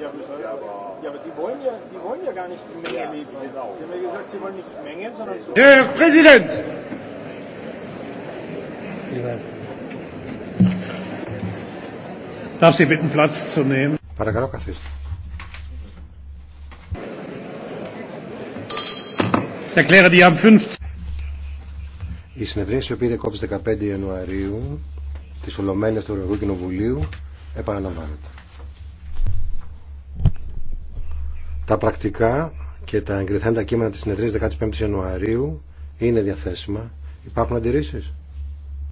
Ja, aber die wollen ja, die wollen ja gar nicht die Menge liefern. Die haben ja gesagt, sie wollen nicht die Menge, sondern so. Der Präsident! Darf Sie bitten, Platz zu nehmen? Erkläre die am 15. Η συνεδρίαση η οποία διακόπησε 15 Ιανουαρίου τη Ολομέλεια του Ευρωπαϊκού Κοινοβουλίου επαναλαμβάνεται. Τα πρακτικά και τα εγκριθέντα κείμενα της συνεδρίας 15 Ιανουαρίου είναι διαθέσιμα. Υπάρχουν αντιρρήσεις.